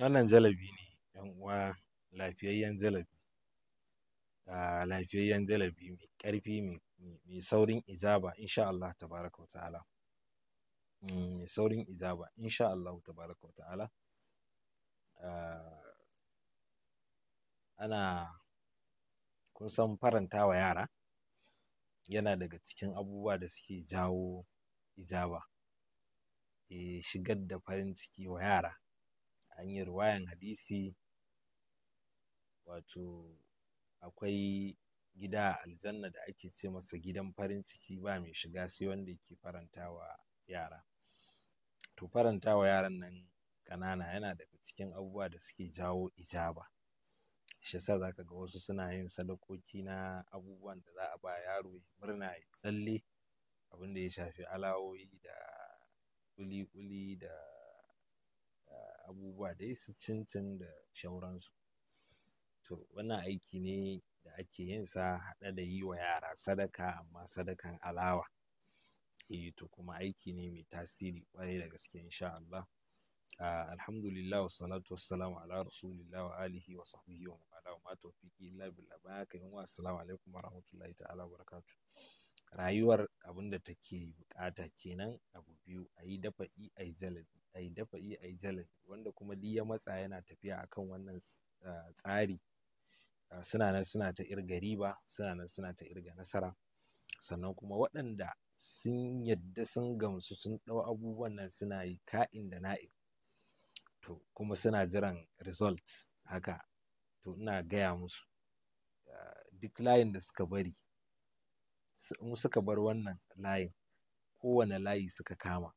wannan jalabi ne yan uwa lafiyayyen jalabi a ah, lafiyayyen jalabi mai ƙarfi mai saurin ijaba insha Allah tabaraka wa ta'ala mm, mai saurin ijaba insha Allah tabaraka wa ta'ala ah, ana kun san faranta wa yara yana daga cikin abubuwa da suke jawo ijaba eh, shigar da farin ciki wa yara Hanyar wayan hadisi wato akwai gida a aljanna da ake ce masa gidan farin ciki ba mai shiga sai wanda yake farantawa yara to farantawa yaran nan kanana yana daga cikin abubuwa da suke jawo ijaba shi yasa ka ga wasu suna yin sadakoki na abubuwan da za a ba yaro ya murna ya tsalle abin da ya shafi alawoyi da kuli-kuli da abubuwa dai su cincin da shauransu to wannan aiki ne da ake yin sa haɗe da yi wa yara sadaka amma sadakan alawa E, to kuma aiki ne mai tasiri kwarai da gaske insha Allah alhamdulillah wa salatu wa salamu ala rasulillah wa alihi wa sahbihi wa ala ma tawfiqi illa billah ba ka yin wa assalamu alaikum wa rahmatullahi ta'ala wa barakatuh rayuwar abinda take bukata kenan abu biyu ayi dafa'i ayi jalabi a yi iya a yi jalin wanda kuma duk ya matsa yana tafiya akan wannan tsari suna nan suna ta irga riba suna nan suna ta irga nasara sannan kuma waɗanda sun yadda sun gamsu sun ɗau abubuwan nan suna yi ka'in da na'in to kuma suna jiran result haka to ina gaya musu duk layin da suka bari in suka bar wannan layin kowane layi suka kama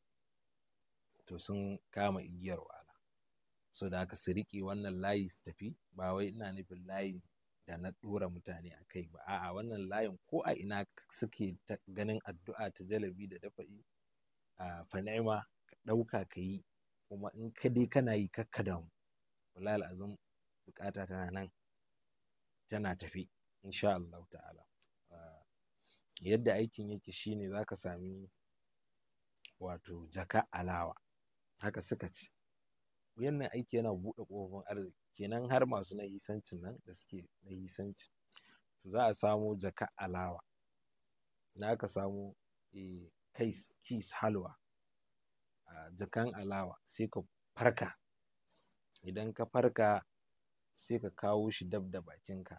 to sun kama igiyar wahala so da aka su riƙe wannan layi su tafi ba wai ina nufin layi da na ɗora mutane a kai ba a'a wannan layin ko a ina suke ganin addu'a ta jalabi da dafa yi a fana'ima ɗauka ka yi kuma in ka dai kana yi kakka da wallahi azum bukata tana nan tana tafi insha Allah ta'ala yadda aikin yake shine zaka sami wato jaka alawa haka suka ci. wannan aiki yana buɗe ƙofofin arziki kenan har masu nahisancin nan da suke nahisanci to za a samo jaka alawa na aka samo eh, kais kis halwa jakan alawa sai ka farka idan ka farka sai ka kawo shi dab da bakinka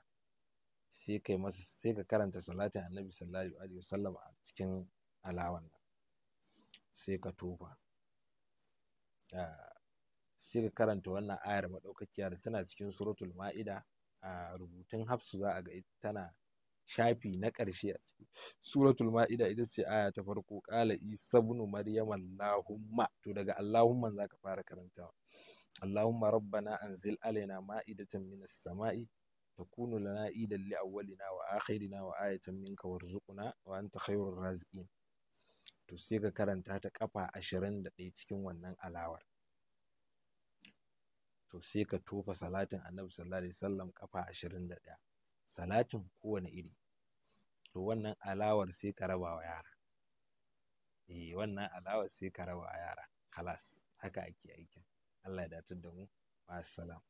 ka sai ka karanta salatin annabi sallallahu alaihi wasallam a cikin alawan nan sai ka tofa Ah, sai ka karanta wannan ayar maɗaukakiya da tana cikin suratul ma'ida a ah, rubutun hafsu za a ga tana shafi na ƙarshe a ciki suratul ma'ida ita ce aya ta farko ƙala isa bunu maryam allahumma to daga allahumma ka fara karantawa allahumma rabbana anzil alaina ma'idatan minas sama'i takunu lana idan li awwalina wa akhirina wa ayatan minka warzuqna wa anta khairur raziqin to sai ka karanta ta kafa ashirin da ɗaya cikin wannan alawar to sai ka tofa salatin annabi sallallahu alaihi wasallam kafa ashirin da ɗaya salatin kowane iri to wannan alawar sai ka raba wa yara eh wannan alawar sai ka raba wa yara halas haka ake aikin Allah ya datar da mu ma'assalam